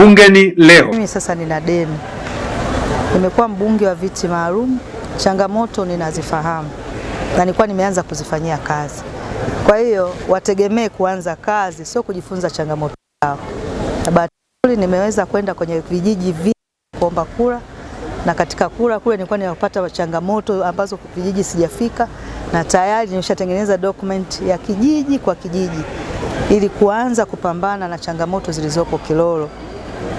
bungeni leo. Mimi sasa nina deni, nimekuwa mbunge wa viti maalum, changamoto ninazifahamu na nilikuwa nimeanza kuzifanyia kazi. Kwa hiyo wategemee kuanza kazi, sio kujifunza changamoto zao. Na bahati nzuri nimeweza kwenda kwenye vijiji vingi kuomba kura, na katika kura kule nilikuwa ninapata changamoto ambazo vijiji sijafika, na tayari nimeshatengeneza document ya kijiji kwa kijiji ili kuanza kupambana na changamoto zilizopo Kilolo.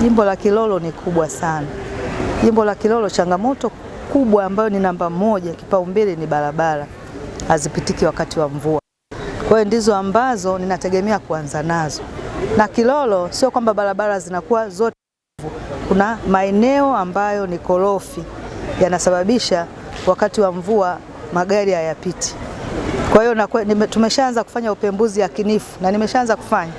Jimbo la Kilolo ni kubwa sana. Jimbo la Kilolo changamoto kubwa ambayo ni namba moja kipaumbele ni barabara, hazipitiki wakati wa mvua. Kwa hiyo ndizo ambazo ninategemea kuanza nazo, na Kilolo sio kwamba barabara zinakuwa zote, kuna maeneo ambayo ni korofi yanasababisha wakati wa mvua magari hayapiti. Kwa hiyo tumeshaanza kufanya upembuzi yakinifu na nimeshaanza kufanya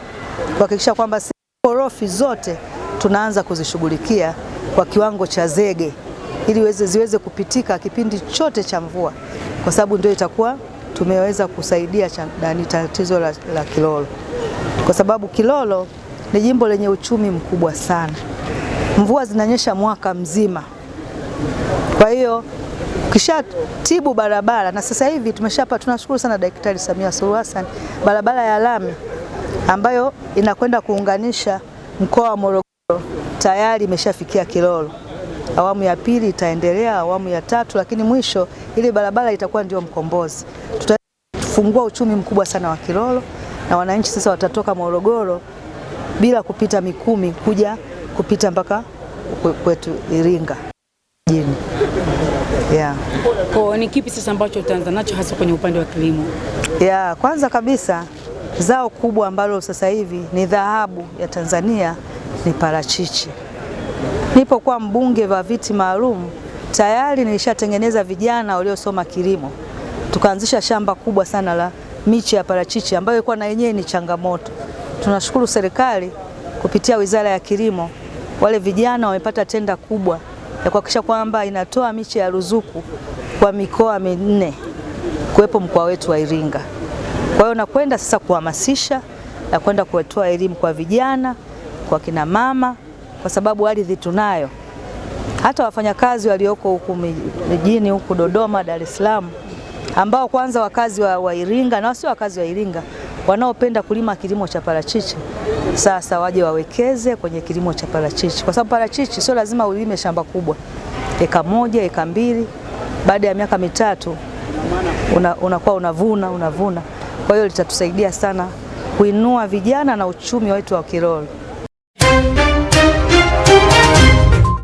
kuhakikisha kwamba si korofi zote tunaanza kuzishughulikia kwa kiwango cha zege ili ziweze kupitika kipindi chote cha mvua, kwa sababu ndio itakuwa tumeweza kusaidia ni tatizo la, la Kilolo, kwa sababu Kilolo ni jimbo lenye uchumi mkubwa sana. Mvua zinanyesha mwaka mzima, kwa hiyo kishatibu barabara na sasa hivi tumeshapa, tunashukuru sana Daktari Samia Suluhu Hassan, barabara ya lami ambayo inakwenda kuunganisha mkoa wa Morogoro tayari imeshafikia Kilolo. Awamu ya pili itaendelea, awamu ya tatu, lakini mwisho ile barabara itakuwa ndio mkombozi. Tutafungua uchumi mkubwa sana wa Kilolo na wananchi sasa watatoka Morogoro bila kupita Mikumi kuja kupita mpaka kwetu Iringa jini. Yeah. Kwa ni kipi sasa ambacho utaanza nacho hasa kwenye upande wa kilimo? Yeah, kwanza kabisa zao kubwa ambalo sasa hivi ni dhahabu ya Tanzania ni parachichi. Nilipokuwa mbunge wa viti maalum, tayari nilishatengeneza vijana waliosoma kilimo, tukaanzisha shamba kubwa sana la miche ya parachichi ambayo ilikuwa na yenyewe ni changamoto. Tunashukuru serikali kupitia Wizara ya Kilimo, wale vijana wamepata tenda kubwa ya kuhakikisha kwamba inatoa miche ya ruzuku kwa mikoa minne kuwepo mkoa wetu wa Iringa. Kwa hiyo nakwenda sasa kuhamasisha na kwenda kutoa elimu kwa vijana kwa kina mama, kwa sababu ardhi tunayo. Hata wafanyakazi walioko huku mijini huku Dodoma, Dar es Salaam, ambao kwanza wakazi wa, wa Iringa na wasio wakazi wa Iringa wanaopenda kulima kilimo cha parachichi sasa waje wawekeze kwenye kilimo cha parachichi, kwa sababu parachichi sio lazima ulime shamba kubwa, eka moja eka mbili. Baada ya miaka mitatu unakuwa una unavuna unavuna. Kwa hiyo litatusaidia sana kuinua vijana na uchumi wetu wa Kilolo.